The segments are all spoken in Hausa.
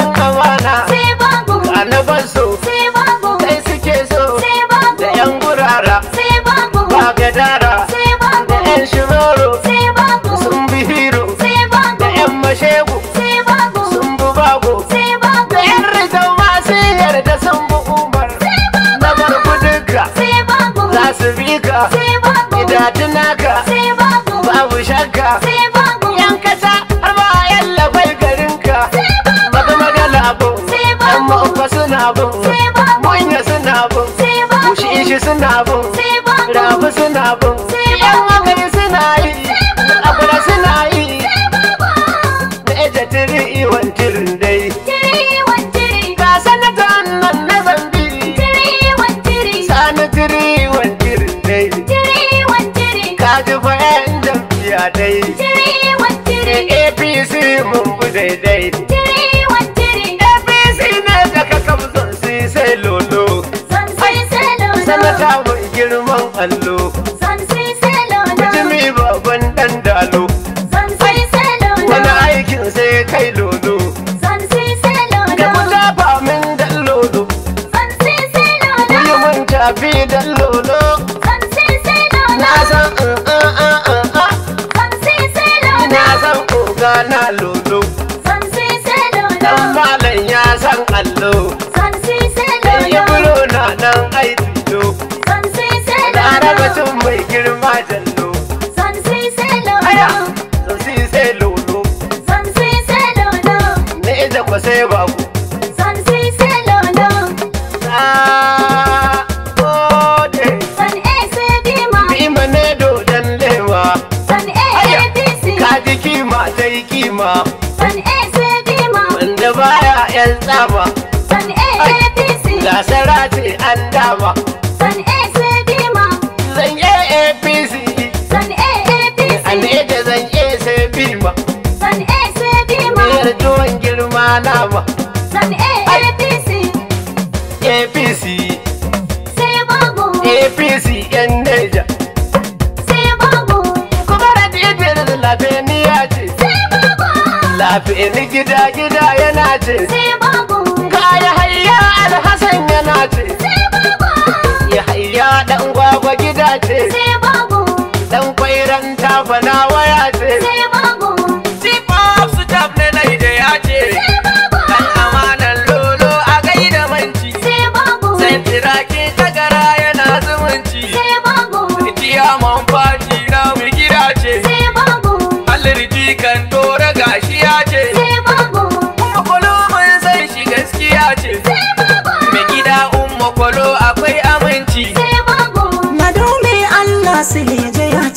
yan kamana sai so sai suke so da yan gurara ba gadara da yan shiroro sun bi da yan mashegu sai sun bu bago da yan masu yarda sun bu umar za su bi ka sai babu babu shakka sai babu suna bin munya suna bin mushi ishi suna bin rabu suna bin yan magani suna yi abura suna yi da eja tiri iwan tirin dai ga sanata nan sani tiri iwan tirin dai ka ji fa dai APC mun bu girman allo Zan sai sai lona Jimi baban dan dalo Zan sai sai lona Wani aikin sai kai lodo Zan sai sai lona Ka fita min dan lodo Zan sai sai lona Kuyi mun tafi dan lodo Zan sai sai lona Na san uh uh uh uh uh Zan sai sai lona Na san koga na lodo Zan sai sai lona Dan malam ya san allo mutum mai girma jallo zan si se lolo zan si se lolo zan si se lolo ne da ku sai babu zan sai sai lolo san a b ma ma ne san a a b c ka ji ta yi san a ma wanda baya yan tsaba san a a b c gasara ce an dama bima san a sai bima yar tuwon girma nama san a apc apc sai babu apc yan neja sai babu kuma da dibiyar da lafiyaniya ce sai babu lafiyani gida gida yana ce sai babu kaya hayya alhassan yana ce sai babu ya hayya dan gwagwa gida ce sai babu dan kwairan tafanawa.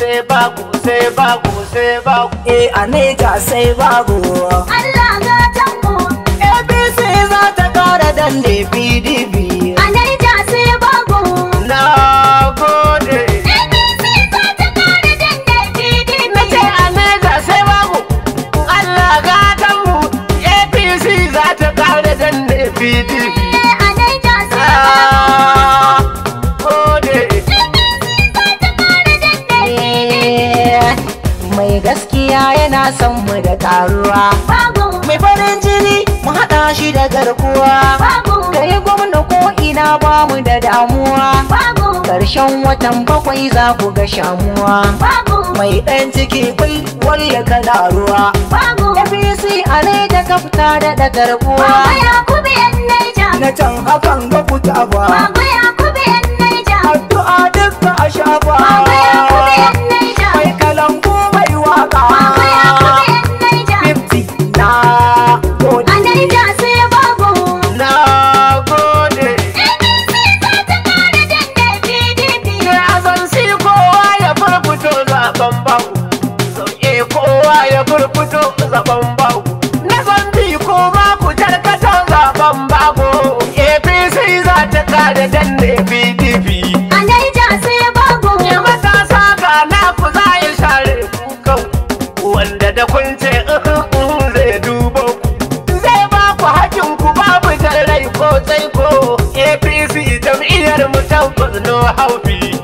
sai bago sai bago sai bago eh aneka sai bago Allah na tango APC za ta kara dande PDP aneka sai bago na ya san mu da taruwa mai farin jini mu haɗa shi da garkuwa ka yi gwamna ko ina ba mu da damuwa ƙarshen watan bakwai za ku ga shamuwa mai ɗan ciki bai walla kana ruwa apc a ne da kafta da da garkuwa na can hakan ga fita ba babban apc za ta kare danne pdp a naija sai bago ya matasa ga na ku za ya share kukan wanda da kun ce zai duba ku zai ba ku hakin ku babu rai ko tsaiko apc jam'iyyar mu tabbas no haufi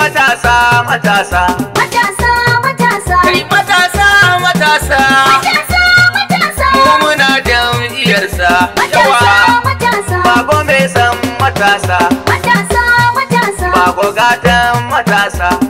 matasa matasa matasa ko muna jam'iyyarsa yawa baba mai san matasa baba gatan matasa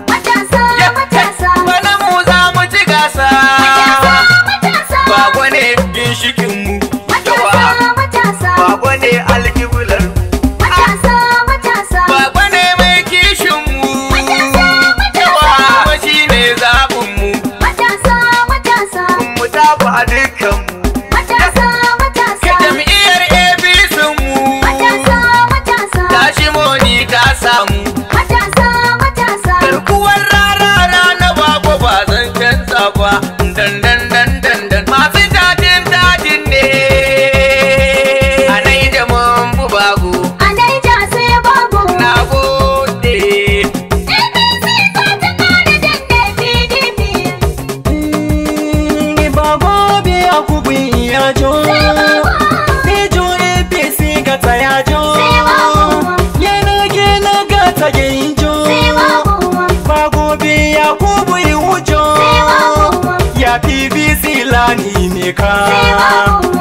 yi ka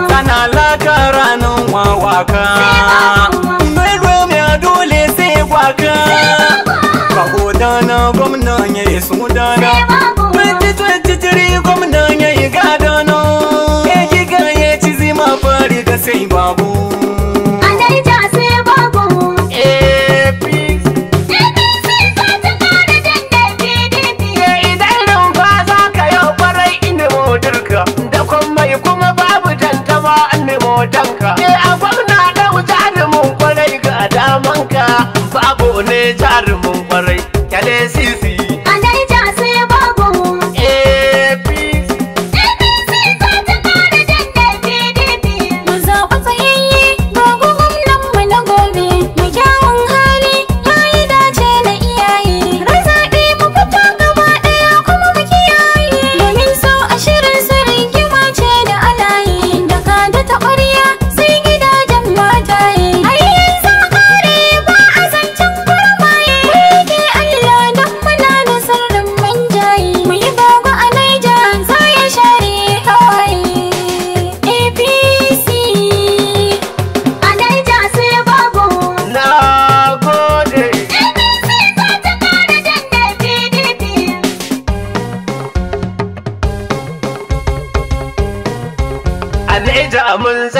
kana laka ranar wawaka mai romiya dole sai gwaka ka godana gwamnan ya yi sudana 2023 gwamnan ya yi gadana ya yi gaya ci zima fari ga sai babu jar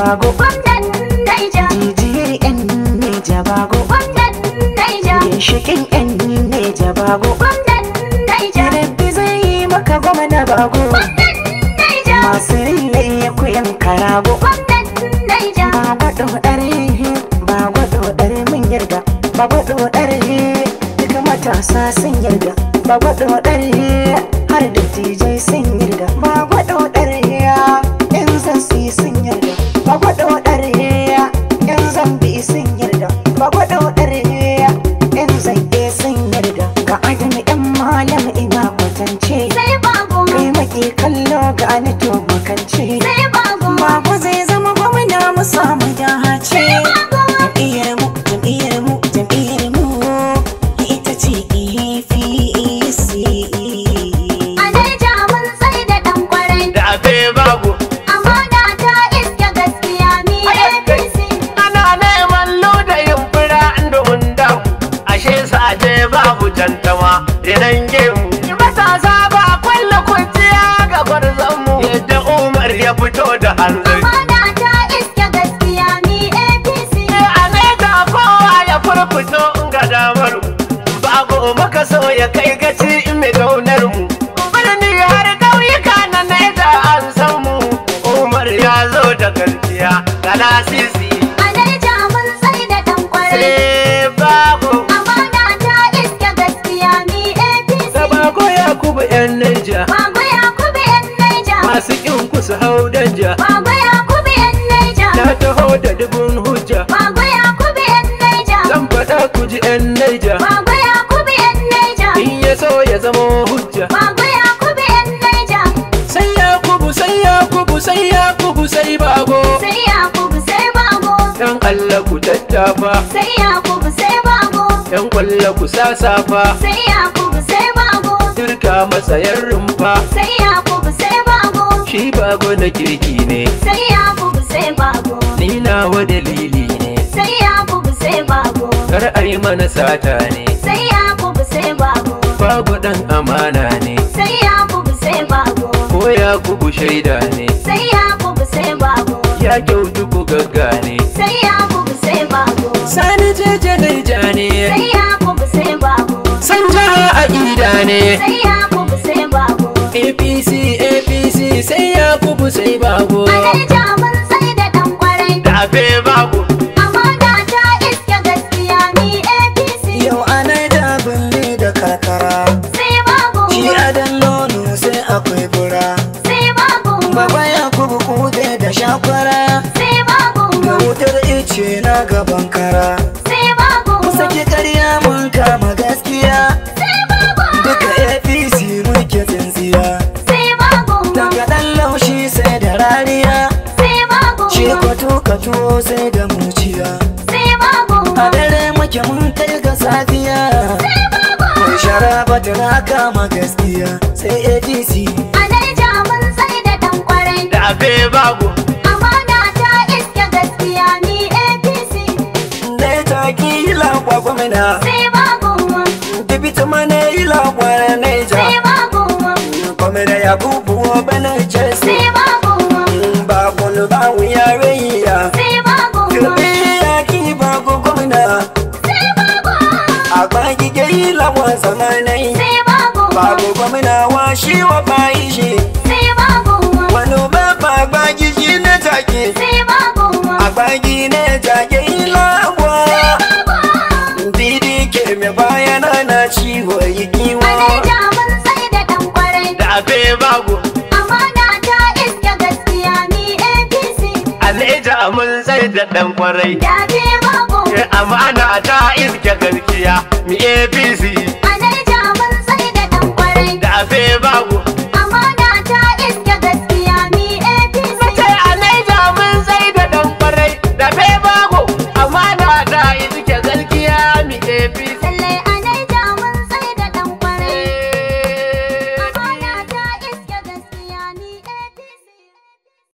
jabago gwamnan naija nijiyar yan ne jabago gwamnan naija ginshikin yan ne jabago gidaje babu jantama renan gemu ki masasa ba kwalla kunciya ga gwarzon mu yadda umar ya fito da hanzari amana ta iske gaskiya ni apc a da kowa ya furfuto ga damar babu makaso ya kai gaci in mai gaunar mu birni har ƙauyuka na naija an san mu umar ya zo da gaskiya galasisi Naija. Baba Yakubu yan Naija. Na taho da dubun hujja. Baba Yakubu yan Naija. Zan faɗa ku ji yan Naija. Baba Yakubu yan Naija. In ya so ya zamo hujja. Baba Yakubu yan Naija. Sai Yakubu sai Yakubu sai Yakubu sai Bago. Sai Yakubu sai Bago. Dan Allah ku tattafa. Sai Yakubu sai Bago. Yan kwalla ku sasafa. Sai Yakubu sai Bago. Turka masayar rumfa. Sai Yakubu. shi bago na kirki ne sai ya bugu sai bago ni nawa dalili ne sai ya bugu sai bago kar a yi mana sata ne sai ya bugu sai bago bago dan amana ne sai ya bugu sai bago ko ya bugu shaida ne sai ya bugu sai bago ya kyautu ku gagga ne sai ya bugu sai bago sani jeje dai jane sai ya bugu sai bago sanja a ida ne sai ya bugu babu sai mun sai da ɗan kwarai Dafe ta iske gaskiya ni APC Yau a Naija birni da kakara. Sai babu Shi adan nono sai akwai bura Baba ya kubu kude da shakwara Da wutar ice na gaban kara tuwo sai da muciya sai babu a dare muke mun kai ga safiya sai babu ta kama gaskiya sai adc a naija mun sai da dan kwarai da abe babu amana ta iske gaskiya ni ya bubuwa bana ja a baki gai lawa zamanai babu gwamna wa shi wa bayi shi wani ba ba shi na take a baki na take lawa didi ke mai bayana na ciwo yi kiwo da abe babu Alija mun zai da ɗan kwarai. Da ke ba Ke amana ta iske gaskiya mi APC. A Naija mun sai da ɗan kwarai. Da afe ba